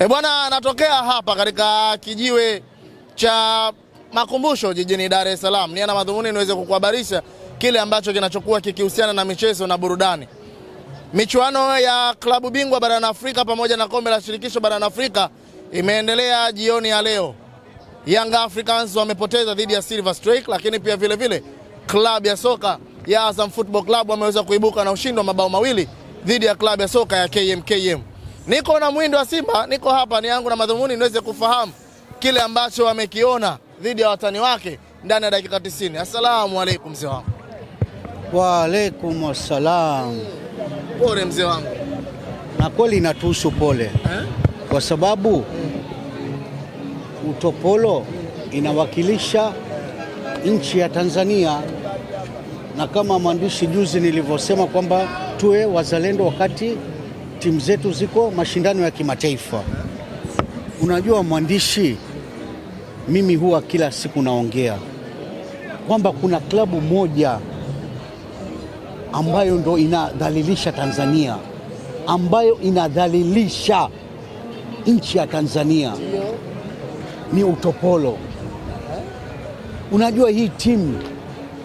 E bwana, natokea hapa katika kijiwe cha makumbusho jijini Dar es Salaam. Ni madhumuni niweze kukuhabarisha kile ambacho kinachokuwa kikihusiana na michezo na burudani. Michuano ya klabu bingwa barani Afrika pamoja na kombe la shirikisho barani Afrika imeendelea jioni ya leo. Young Africans wamepoteza dhidi ya Silver Strike, lakini pia vilevile klabu ya soka ya Azam Football Club wameweza kuibuka na ushindi wa mabao mawili dhidi ya klabu ya soka ya KMKM. Niko na mwindo wa Simba, niko hapa ni yangu na madhumuni niweze kufahamu kile ambacho wamekiona dhidi ya watani wake ndani ya dakika 90. Assalamu alaikum mzee wangu. Wa alaikum wassalam. Pole mzee wangu, na kweli inatuhusu pole eh? Kwa sababu utopolo inawakilisha nchi ya Tanzania, na kama mwandishi juzi nilivyosema kwamba tuwe wazalendo wakati timu zetu ziko mashindano ya kimataifa. Unajua mwandishi, mimi huwa kila siku naongea kwamba kuna klabu moja ambayo ndo inadhalilisha Tanzania, ambayo inadhalilisha nchi ya Tanzania ni Utopolo. Unajua hii timu,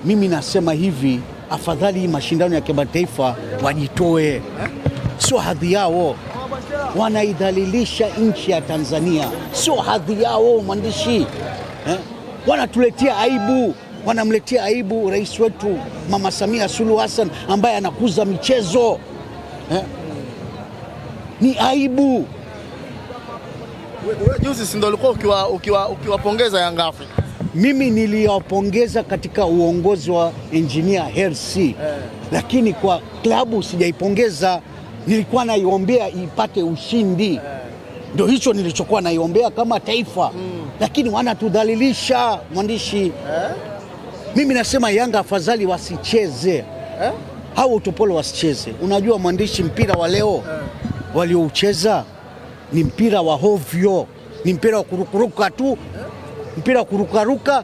mimi nasema hivi, afadhali mashindano ya kimataifa wajitoe sio hadhi yao, wanaidhalilisha nchi ya Tanzania, sio hadhi yao mwandishi eh? Wanatuletea aibu, wanamletea aibu rais wetu Mama Samia Suluhu Hassan ambaye anakuza michezo eh? Ni aibu. Wewe juzi si ndio ulikuwa ukiwa, ukiwa Young Africa? Mimi niliwapongeza katika uongozi wa Engineer Hersi eh, lakini kwa klabu sijaipongeza nilikuwa naiombea ipate ushindi, ndio hicho nilichokuwa naiombea kama taifa mm. Lakini wanatudhalilisha mwandishi eh? Mimi nasema Yanga afadhali wasicheze eh? au utopolo wasicheze. Unajua mwandishi, mpira wa leo eh? walioucheza ni mpira wa hovyo, ni mpira wa kurukuruka tu, eh? mpira wa kurukaruka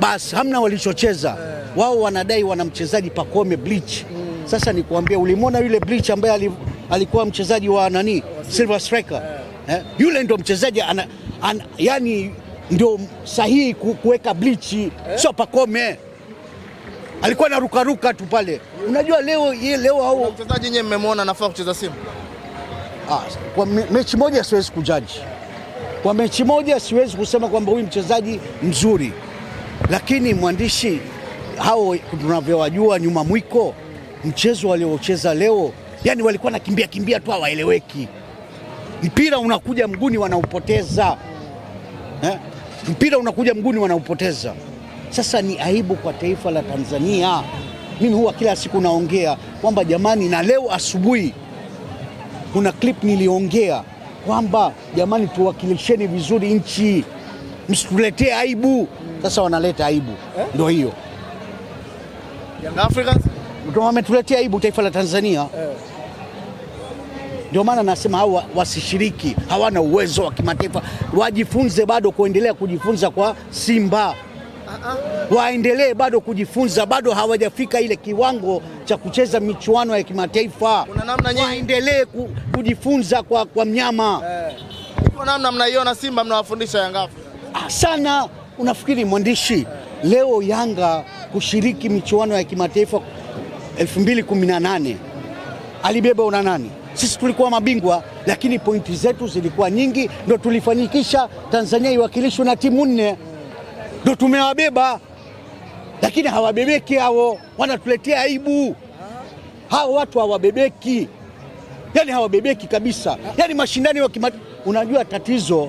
basi, hamna walichocheza eh. wao. Wanadai wana mchezaji pakome Bleach mm. Sasa nikuambia, ulimwona yule Bleach ambaye alikuwa mchezaji wa nani Silver Striker eh? Yule ndo mchezaji ana, ana, yani ndio sahihi kuweka Bleach eh? Sio Pacome alikuwa narukaruka tu pale. Unajua leo ye leo au mchezaji yeye, mmemwona anafaa kucheza simu ah, kwa me, mechi moja siwezi kujaji kwa mechi moja siwezi kusema kwamba huyu mchezaji mzuri, lakini mwandishi, hao tunavyowajua nyuma mwiko mchezo waliocheza leo, yani walikuwa nakimbia kimbia tu, hawaeleweki. Mpira unakuja mguni wanaupoteza eh? Mpira unakuja mguni wanaupoteza. Sasa ni aibu kwa taifa la Tanzania. Mimi huwa kila siku naongea kwamba jamani, na leo asubuhi kuna clip niliongea kwamba jamani, tuwakilisheni vizuri nchi, msituletee aibu. Sasa wanaleta aibu, eh? ndio hiyo Young Africans ndio wametuletea aibu taifa la Tanzania eh. Ndio maana nasema hao wasishiriki, hawana uwezo wa kimataifa, wajifunze bado kuendelea kujifunza kwa Simba uh-huh. waendelee bado kujifunza, bado hawajafika ile kiwango cha kucheza michuano ya kimataifa. Waendelee kujifunza kwa, kwa mnyama eh. Kuna namna mnaiona Simba mnawafundisha Yanga ah, sana. Unafikiri mwandishi eh, leo Yanga kushiriki michuano ya kimataifa 2018 alibeba una nani? Sisi tulikuwa mabingwa, lakini pointi zetu zilikuwa nyingi, ndo tulifanikisha Tanzania iwakilishwe na timu nne, ndo tumewabeba, lakini hawabebeki hao, wanatuletea aibu hao watu hawabebeki, yani hawabebeki kabisa, yani mashindano ya kima... Unajua tatizo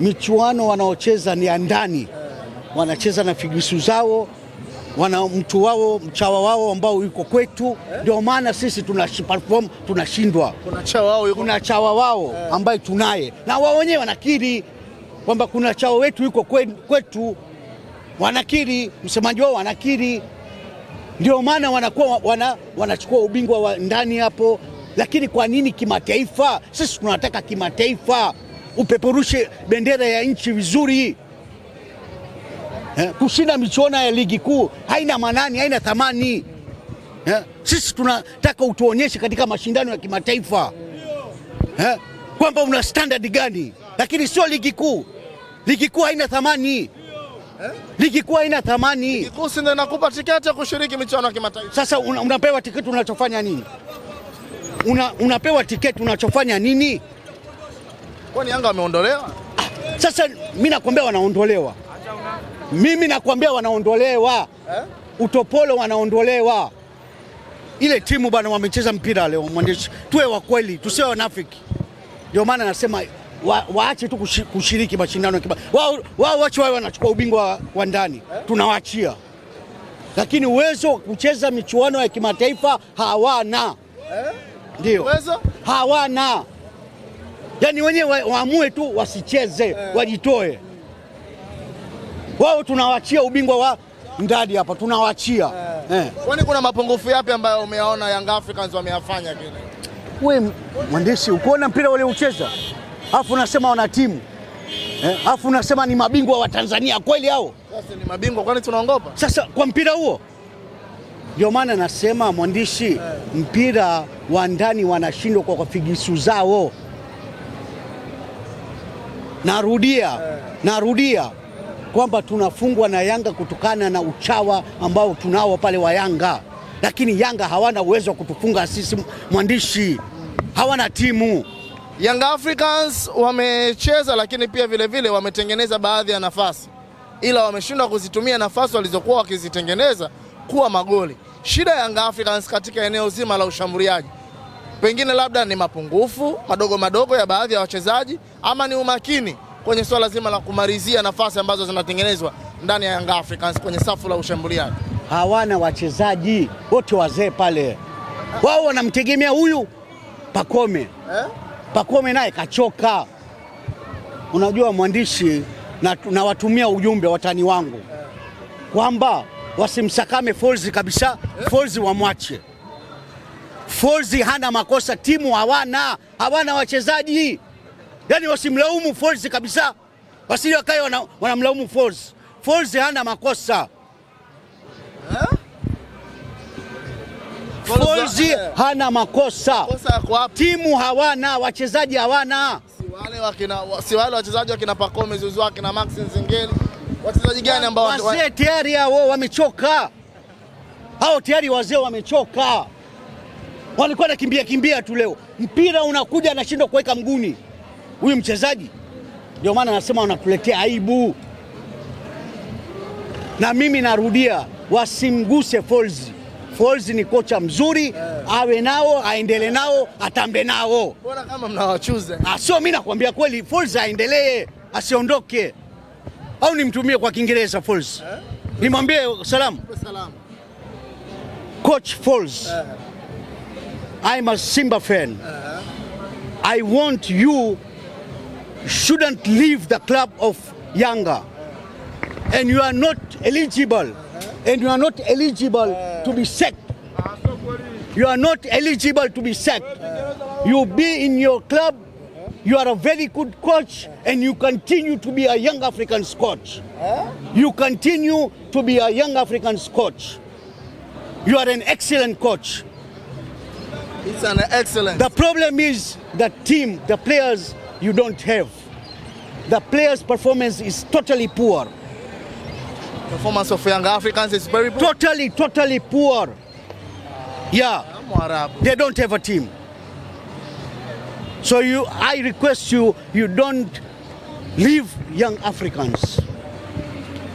michuano wanaocheza ni ya ndani, wanacheza na figisu zao wana mtu wao mchawa wao ambao yuko kwetu, eh? ndio eh? maana sisi tuna perform tunashindwa. Kuna chawa wao, yuko... kuna chawa wao eh, ambaye tunaye na wao wenyewe wanakiri kwamba kuna chawa wetu yuko kwetu, wanakiri, msemaji wao wanakiri, ndio maana wanakuwa wana, wanachukua ubingwa wa ndani hapo. Lakini kwa nini kimataifa? Sisi tunataka kimataifa upeperushe bendera ya nchi vizuri. Eh, kushinda michuano ya ligi kuu haina manani, haina thamani eh, Sisi tunataka utuonyeshe katika mashindano ya kimataifa eh, kwamba una standard gani, lakini sio ligi kuu. Ligi kuu haina thamani eh? Ligi kuu haina thamani. Ligi kuu ndio inakupa tiketi ya kushiriki michuano ya kimataifa? Sasa una, unapewa tiketi unachofanya nini? Una, unapewa tiketi unachofanya nini? Kwani Yanga wameondolewa? Sasa mimi nakwambia wanaondolewa mimi nakwambia wanaondolewa eh? Utopolo wanaondolewa ile timu bwana, wamecheza mpira leo. Mwandishi, tuwe wa kweli, tusiwe wanafiki. Ndio maana nasema wa, waache tu kushiriki mashindano kibao. Wao wao wache wao wanachukua ubingwa wa ndani eh? Tunawaachia, lakini uwezo wa kucheza michuano ya kimataifa hawana eh? Ndio hawana, yaani wenyewe waamue tu wasicheze eh? Wajitoe wao tunawachia ubingwa wa ndadi hapa tunawachia eh. eh. Kwani kuna mapungufu yapi ambayo umeona Young Africans wameyafanya kile? We mwandishi, ukuona mpira ule ucheza, alafu unasema wana timu eh, alafu eh, unasema ni mabingwa wa Tanzania kweli hao? Sasa ni mabingwa, kwani tunaongopa sasa kwa mpira huo? Ndio maana nasema mwandishi eh. mpira wa ndani wanashindwa kwa figisu zao. Narudia narudia kwamba tunafungwa na Yanga kutokana na uchawa ambao tunao pale wa Yanga, lakini Yanga hawana uwezo wa kutufunga sisi, mwandishi, hawana timu. Young Africans wamecheza, lakini pia vilevile wametengeneza baadhi ya nafasi, ila wameshindwa kuzitumia nafasi walizokuwa wakizitengeneza kuwa magoli. Shida ya Young Africans katika eneo zima la ushambuliaji pengine labda ni mapungufu madogo madogo ya baadhi ya wachezaji ama ni umakini kwenye swala zima la kumalizia nafasi ambazo zinatengenezwa ndani ya Yanga Africans kwenye safu la ushambuliaji. Hawana wachezaji wote wazee pale, wao wanamtegemea huyu Pakome eh? Pakome naye kachoka. Unajua mwandishi, na nawatumia ujumbe watani wangu kwamba wasimsakame Folzi kabisa, eh? Folzi wamwache. Folzi hana makosa, timu hawana hawana wachezaji yani wasimlaumu Folz kabisa, wasije wakae wanamlaumu wana Folz. Folz hana makosa eh? Folz hana makosa, timu hawana, wachezaji hawana, si wale wachezaji wakina Pacome Zouzoua, wakina Max Nzengeli, wachezaji gani ambao wazee tayari hao wamechoka, hao tayari wazee wamechoka, walikuwa nakimbia kimbia tu, leo mpira unakuja anashindwa kuweka mguni huyu mchezaji. Ndio maana anasema wanakuletea aibu, na mimi narudia, wasimguse Folz. Folz ni kocha mzuri yeah. Awe nao aendele nao atambe nao, bora kama mnawachuza. Ah, sio mimi nakwambia kweli, Folz aendelee, asiondoke, au nimtumie kwa Kiingereza Folz yeah. Nimwambie salamu Coach Folz yeah. I'm a Simba fan yeah. I want you shouldn't leave the club of Yanga. And you are not eligible. And you are not eligible to be sacked. You are not eligible to be sacked. You be in your club. You are a very good coach and you continue to be a young African coach. You continue to be a young African coach. You are an excellent coach. It's an excellent. The problem is the team, the players you don't have. The players' performance is totally poor. Performance of young Africans is very poor. Totally, totally poor. Yeah, they don't have a team. So you, I request you, you don't leave young Africans.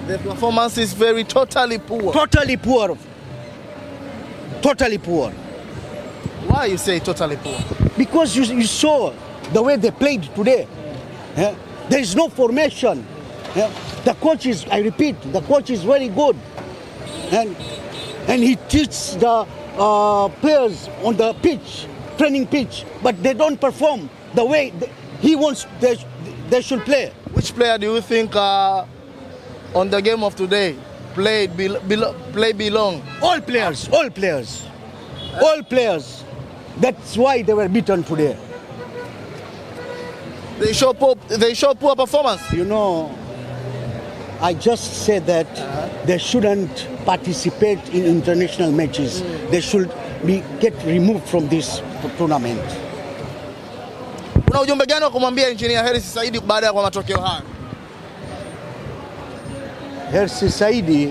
The performance is very totally poor. Totally poor. Totally poor. Why you say totally poor? Because you, you saw the way they played today. Yeah? There is no formation. Yeah? The coach is, I repeat, the coach is very good. And, and he teaches the uh, players on the pitch, training pitch, but they don't perform the way he wants they, they should play. Which player do you think uh, on the game of today played be, be, play belong? All players, all players, all players. That's why they were beaten today. They show poor, they show poor performance. You know, I just said that they shouldn't participate in international matches. They should be get removed from this tournament. Una ujumbe gani wa kumwambia Engineer Hersi Saidi baada ya kwa matokeo haya? Hersi Saidi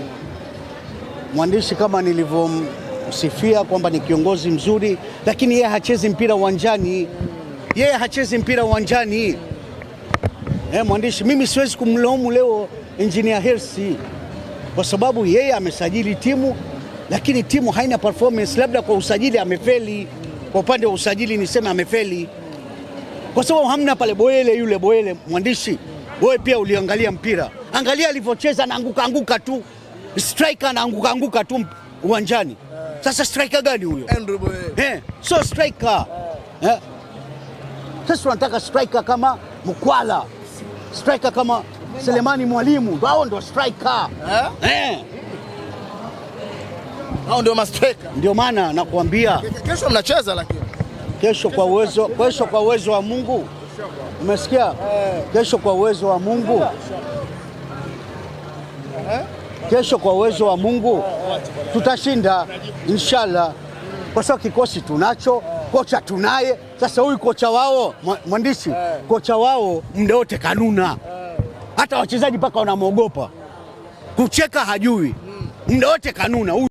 mwandishi, kama nilivyomsifia kwamba ni kiongozi mzuri, lakini yeye hachezi mpira uwanjani yeye hachezi mpira uwanjani. Eh, mwandishi, mimi siwezi kumlaumu leo Engineer Hersi kwa sababu yeye amesajili timu lakini timu haina performance. Labda kwa usajili amefeli, kwa upande wa usajili niseme amefeli kwa sababu hamna pale Boele. Yule Boele, mwandishi, wewe pia uliangalia mpira, angalia alivyocheza, anaanguka anguka tu, striker anaanguka anguka tu uwanjani. Sasa striker gani huyo? Andrew Boele, eh, so striker eh. Sisi tunataka striker kama Mkwala, striker kama Selemani Mwalimu, wao ndio striker eh? Eh. Hao ndio mastreka. Ndio maana nakwambia kesho mnacheza, lakini kesho kwa uwezo, kesho kwa uwezo wa Mungu, umesikia? Eh. Kesho kwa uwezo wa Mungu, eh? kesho kwa uwezo wa Mungu tutashinda inshallah, kwa sababu kikosi tunacho kocha tunaye. Sasa huyu kocha wao mwandishi, eh. kocha wao muda wote kanuna, eh. hata wachezaji mpaka wanamwogopa, kucheka hajui, muda hmm. wote kanuna.